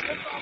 Thank you.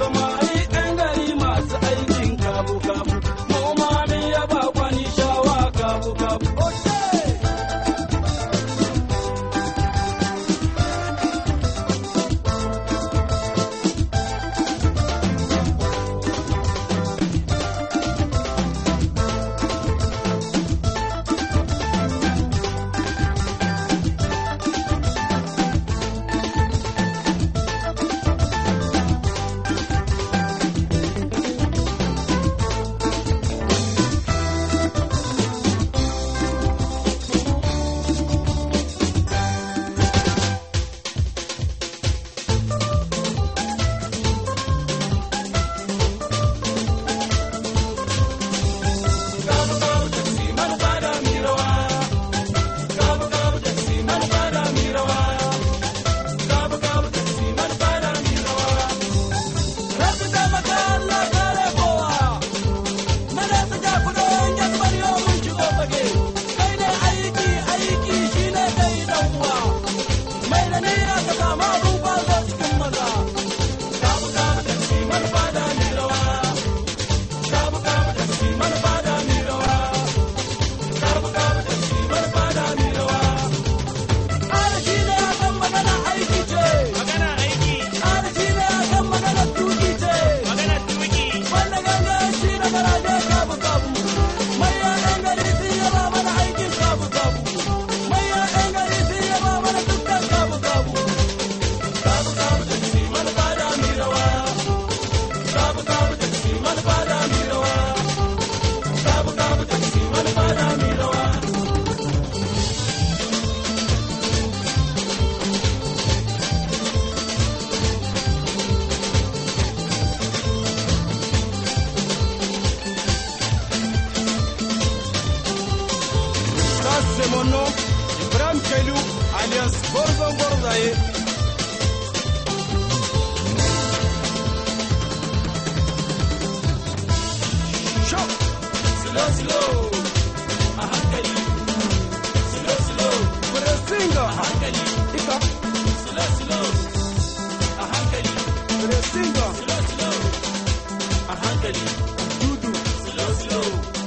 Somebody mono Ibrahim Kailu alias Borzan Borzaye Shop Slow slow a hankali Slow slow Kuna singa a hankali Ika Slow slow a hankali Kuna singa Slow slow a hankali Dudu Slow slow